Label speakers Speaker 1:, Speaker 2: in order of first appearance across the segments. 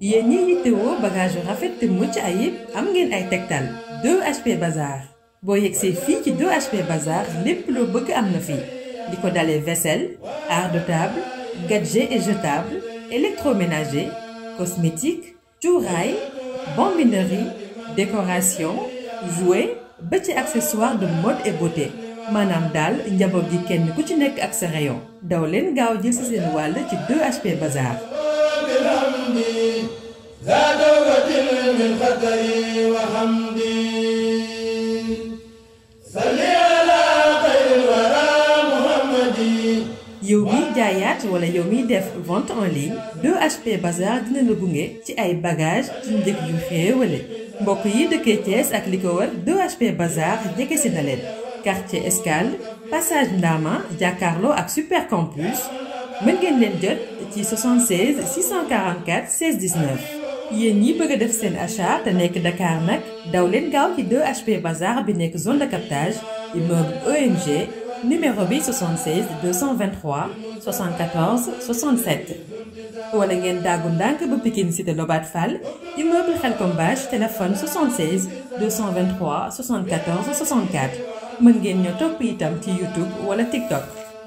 Speaker 1: yéen ñi yittewoo bagage yu rafet te mucc ayib am ngeen ay tegtal 2HP Bazar boo yegsee fii ci 2HP Bazar lépp loo bëkk am na fii li ko dalee vaisselle art de table gadget et jetable électroménager cosmétique cuuraay bambinerie décoration jouets ba ci accessoire de mode et beauté maanaam daal njaboot gi kenn ku ci nekk ak sa rayon daw leen gaaw jël si seen wàll ci 2HP Bazar yow miy jaayaat wala yow miy def vente en ligne 2HP Bazar dina la gunge ci ay bagages ci njëg yu xéewale mbokk yi dëkkee Thiès ak li ko wër 2HP Bazar jege si na quartier Escale passage Ndama jàkkaarloo ak super campus mën ngeen leen jot ci 76 yéen ñi bëgg a def seen achat te nekk ndakaar nag daw leen gaaw ci 2HP Bazar bi nekk zone de captage immeuble EMG numéro bi 76 223 74 67. wala ngeen daggu ndànk ba Pikine cité Lobatt Fall immeuble Khelcom Bache téléphone 76 223 74 64 mën ngeen ñoo topp itam ci YouTube wala TikTok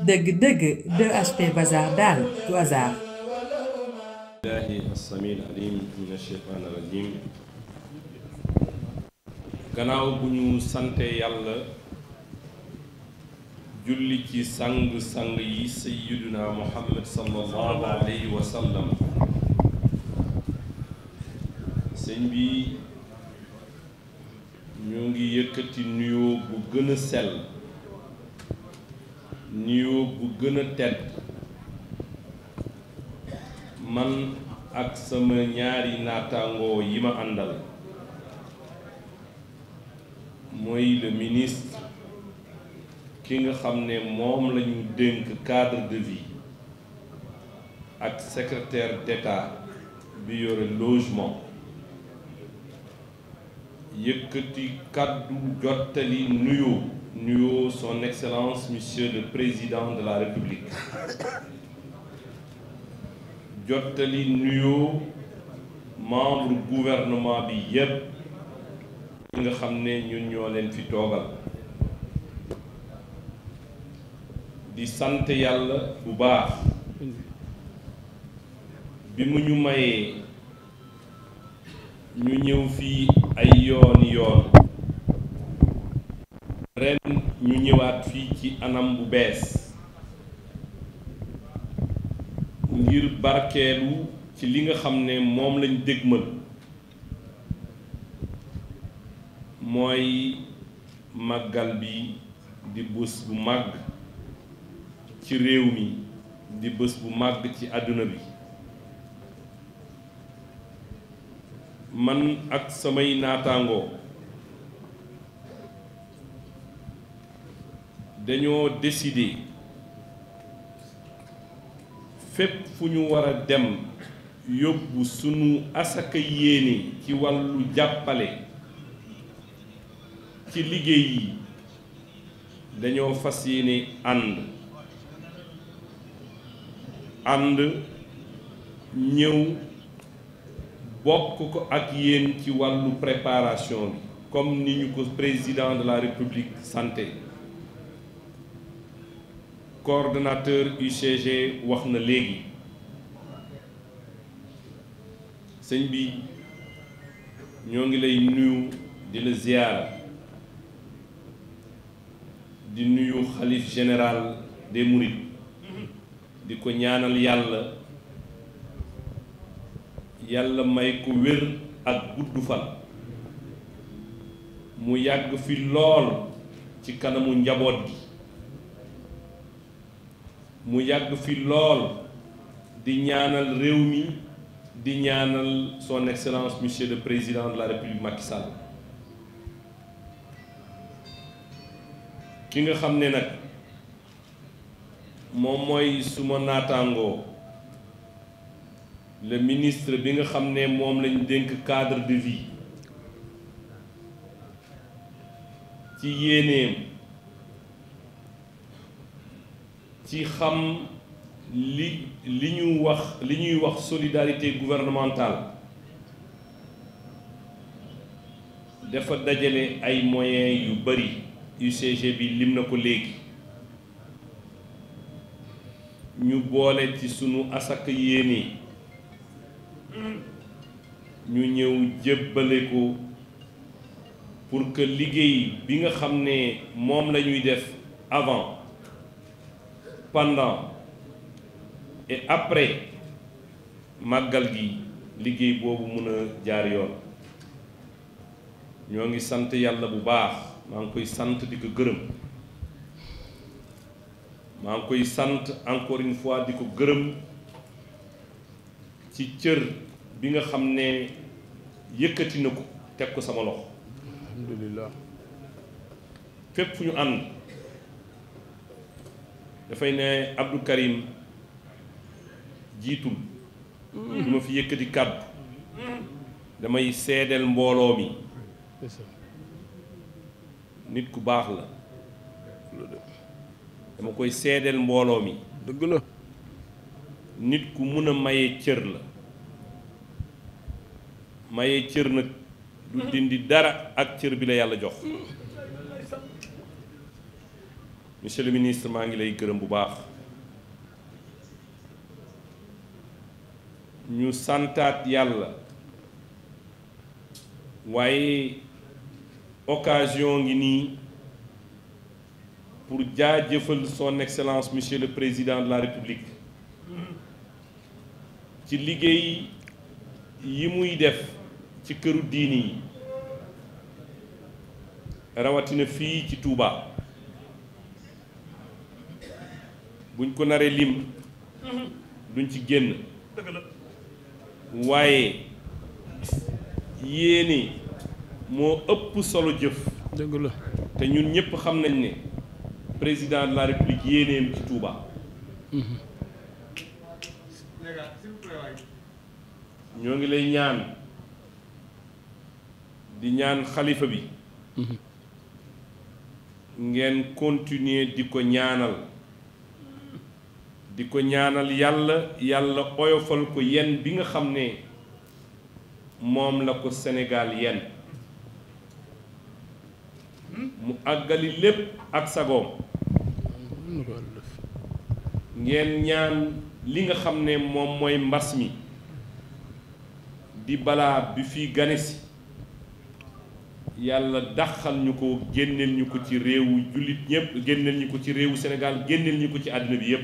Speaker 1: dëgg-dëgg 2HP Bazar daal du hasard.
Speaker 2: الله السميع العليم gannaaw bu ñu sante yàlla julli ci sang-sang yi sayyiduna muhammad sallallahu alayhi wa sallam bi ñu ngi yëkkati nuyoo bu gën a sell bu gën tedd man ak sama ñaari naataangoo yi ma àndal mooy le ministre ki nga xam ne moom lañu dénk cadre de vie ak secretaire d'État bi yore logement yëkkati kàddu jottali nuyoo nuyoo son excellence monsieur le président de la république jottali nuyoo membre gouvernement bi yépp ñi nga xam ne ñun ñoo leen fi toogal di sant yàlla bu baax bi mu ñu mayee ñu ñëw fii ay yooni yoon ren ñu ñëwaat fii ci anam bu bees ngir barkeelu ci li nga xam ne moom lañ dégmal mooy màggal bi di bés bu màgg ci réew mi di bés bu màgg ci àdduna bi man ak samay naataangoo dañoo décider fépp fu ñu war a dem yóbbu sunu asaka yéene ci wàllu jàppale ci liggéey yi dañoo fas yéene ànd ànd ñëw bokk ko ak yéen ci wàllu préparation bi comme ni ñu ko président de la république santé coordonnateur UCG wax na léegi sëñ bi ñoo ngi lay nuyu di la ziyaara di nuyu xalif général des Mourides di ko ñaanal yàlla yàlla may ko wér ak gudd fan mu yàgg fi lool ci kanamu njaboot gi mu yàgg fi lool di ñaanal réew mi di ñaanal son excellence monsieur le président de la république Macky Sall ki nga xam ne nag moom mooy suma naataangoo le ministre bi nga xam ne moom lañu dénk cadre de vie ci yéeneem ci xam li li ñu wax li ñuy wax solidarité gouvernementale dafa dajale ay moyen yu bari UCG bi lim na ko léegi ñu boole ci sunu asak yéene ñu ñëw jébbale ko pour que liggéey bi nga xam ne moom la ñuy def avant pendant et après màggal gi liggéey boobu mën a jaar yoon ñoo ngi sant yàlla bu baax maa ngi koy sant di ko gërëm maa ngi koy sant encore une fois di ko gërëm ci cër bi nga xam ne yëkkati na ko teg ko sama loxo alhamdulillah fépp fu ñu ànd dafay ne Abdou Karim jiitul mm. du ma fi yëkkati kàddu damay seedeel mbooloo mi nit ku baax la dama koy seedeel mbooloo mi dëgg nit ku mun a maye cër la maye cër nag du mm. dindi dara ak cër bi la yàlla jox mm. monsieur le ministre maa ngi lay gërëm bu baax ñu santaat yàlla waaye occasion ngi nii pour jëfal son excellence monsieur le président de la république ci liggéey yi muy def ci këru diini yi rawatina fii ci Touba. buñ ko naree lim duñ ci génn waaye yéene moo ëpp solo jëf dëgg te ñun ñëpp xam nañ ne président de la république yéeneem ci ñoo ngi lay ñaan di ñaan xalifa bi mhm. ngeen continuer di ko ñaanal di ko ñaanal yàlla yàlla oyofal ko yenn bi nga xam ne moom la ko senegaal yenn mu àggali lépp ak sagoom ngeen ñaan li nga xam ne moom mooy mbas mi di balaa bi fi gane si yàlla daxal ñu ko génneel ñu ko ci réewu jullit ñépp génneel ñu ko ci réewu Sénégal génneel ñu ko ci àddina bi yépp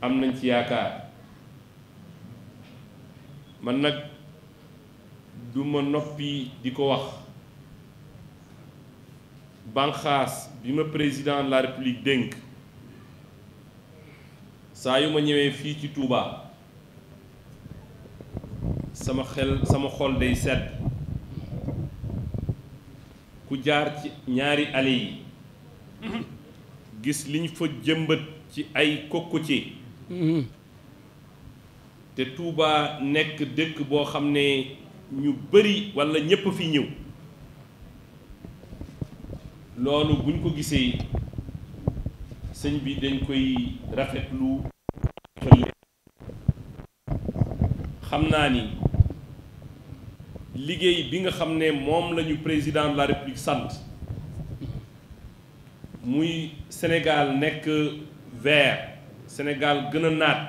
Speaker 2: am nañ ci yaakaar man nag du ma noppi di ko wax banqaas bi ma président la république dénk saa yu ma ñëwee fii ci Touba sama xel sama xol day set ku jaar ci ñaari allées yi gis liñ fa jëmbat ci ay cocotier Hmm. te Touba nekk dëkk boo xam ne ñu bari walla ñépp fi ñëw loolu buñ ko gisee sëñ bi dañ koy rafet lu xam naa ni liggéey bi nga xam ne moom lañu président de la république sant muy senegal nekk vert Sénégal gën a naat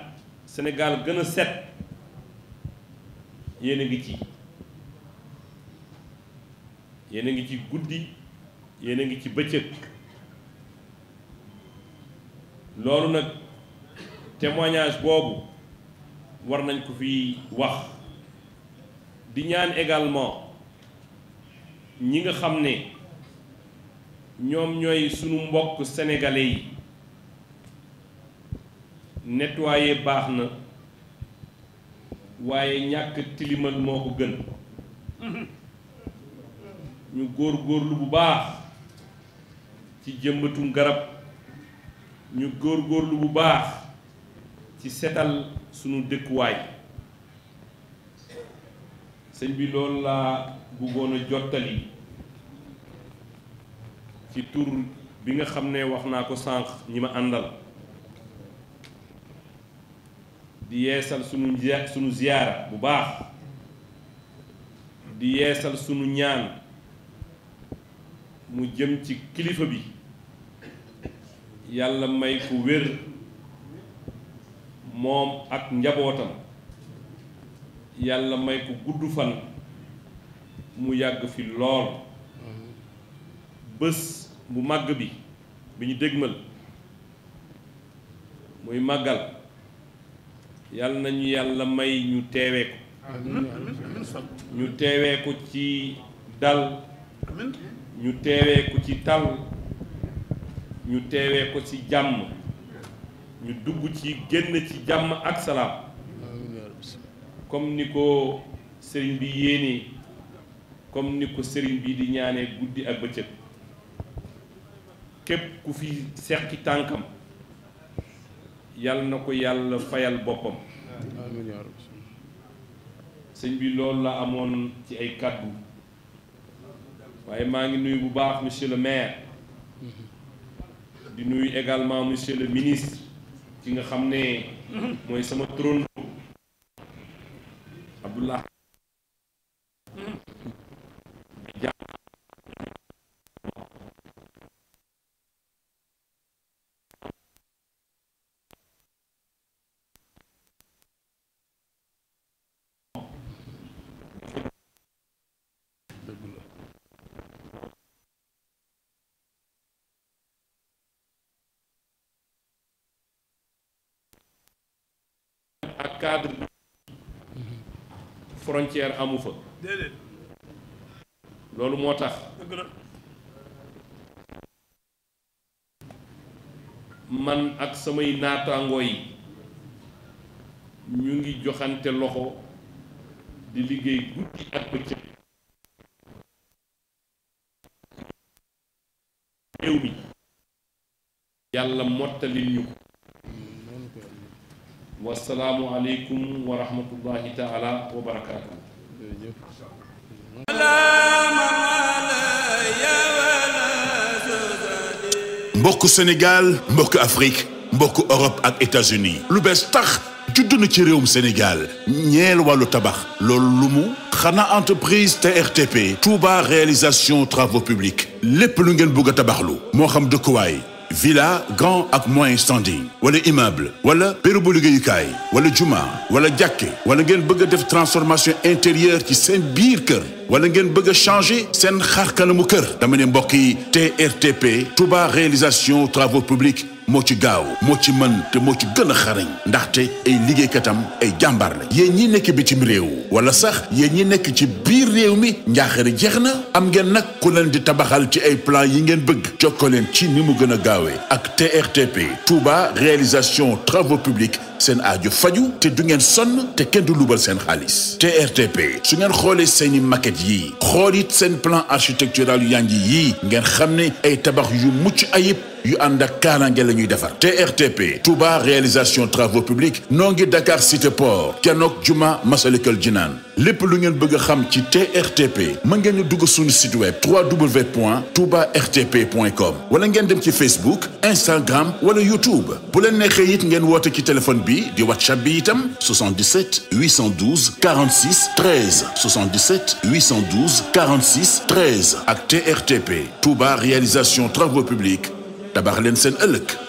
Speaker 2: Sénégal gën a set yéen a ngi ci yéen a ngi ci guddi yéen a ngi ci bëccëg loolu nag témoignage boobu war nañ ko fi wax di ñaan également ñi nga xam ne ñoom ñooy sunu mbokk sénégalais yi nettoyer baax na waaye ñàkk tilimal moo ko gën ñu góor góorlu bu baax ci jëmbatum garab ñu góor góorlu bu baax ci setal sunu dëkkuwaay sëñ bi loolu laa bëggoon a jottali ci tur bi nga xam ne wax naa ko sànq ñi ma àndal di yeesal sunu ziyaara bu baax di yeesal sunu ñaan mu jëm ci kilifa bi yàlla may ku wér moom ak njabootam yàlla may ku gudd fan mu yàgg fi lool bés bu màgg bi bi ñu dégmal muy màggal yàlla nañu yàlla may ñu teewee ko ñu teewee ko ci dal ñu teewee ko ci tal ñu teewee ko ci jàmm ñu dugg ci génn ci jàmm ak salaam comme ni ko sëriñ bi yéenee comme ni ko sëriñ bi di ñaanee guddi ak bëccëg képp ku fi seqi tànkam yàlla na ko yàlla fayal boppam sëñ bi loolu la amoon ci ay kàddu waaye maa ngi nuyu bu baax monsieur le maire di nuyu également monsieur le ministre ki nga xam ne mooy sama trône Abdoulaye ak cadre mhm. frontière amu fa loolu moo tax man ak samay naataangoo yi ñu ngi joxante loxo di liggéey guddi ak bëccëg réew mi yàlla mottalil ñu ko wasalaamu aleykum wa rahmatullahi taala wa barakaatu
Speaker 3: mbokk Sénégal mbokk Afrique mbokk Europe ak États-Unis lu bees tax na ci mu Sénégal ñeel wàllu tabax loolu lu mu xanaa entreprise TRTP Touba réalisation travaux publics lépp lu ngeen bëgg a tabaxlu moo xam dëkkuwaay villa grand ak moyen standing wala immeuble wala bérébu liggéeyukaay wala juma wala jàkke wala ngeen bëgg a def transformation intérieure ci seen biir kër wala ngeen bëgg a changer xar xarkanamu kër dama ne mbokk yi TRTP Touba réalisation travaux publics moo ci gaaw moo ci mën te moo ci gën a xarañ ndaxte ay liggéeykatam ay jàmbaar la yéen ñi nekk bitim réew wala sax yéen ñi nekk ci biir réew mi njaaxare jeex na am ngeen nag ku leen di tabaxal ci ay plan yi ngeen bëgg jokkoo ci ni mu gën a gaawee ak TRTP Touba réalisation travaux publics seen aajo faju te du ngeen sonn te kenn du luubal seen xaalis TRTP su ngeen xoolee seeni makket yii xool it seen plan architectural yu ngi yii ngeen xam ne ay tabax yu mucc ayib yu ànd ak kaarange la ñuy defar TRTP Touba réalisation travaux publics noo ngi Dakar cité port kennook juma Masalikul Jinaan lépp lu ngeen bëgg a xam ci TRTP mën ngeen ñu dugg suñu site web www.toubartp.com wala ngeen dem ci Facebook Instagram wala YouTube bu leen neexee it ngeen woote ci téléphone bi di WhatsApp bi itam 77 812 46 13 77 812 46 13 ak TRTP Touba réalisation travaux publics tabax leen seen ëllëg.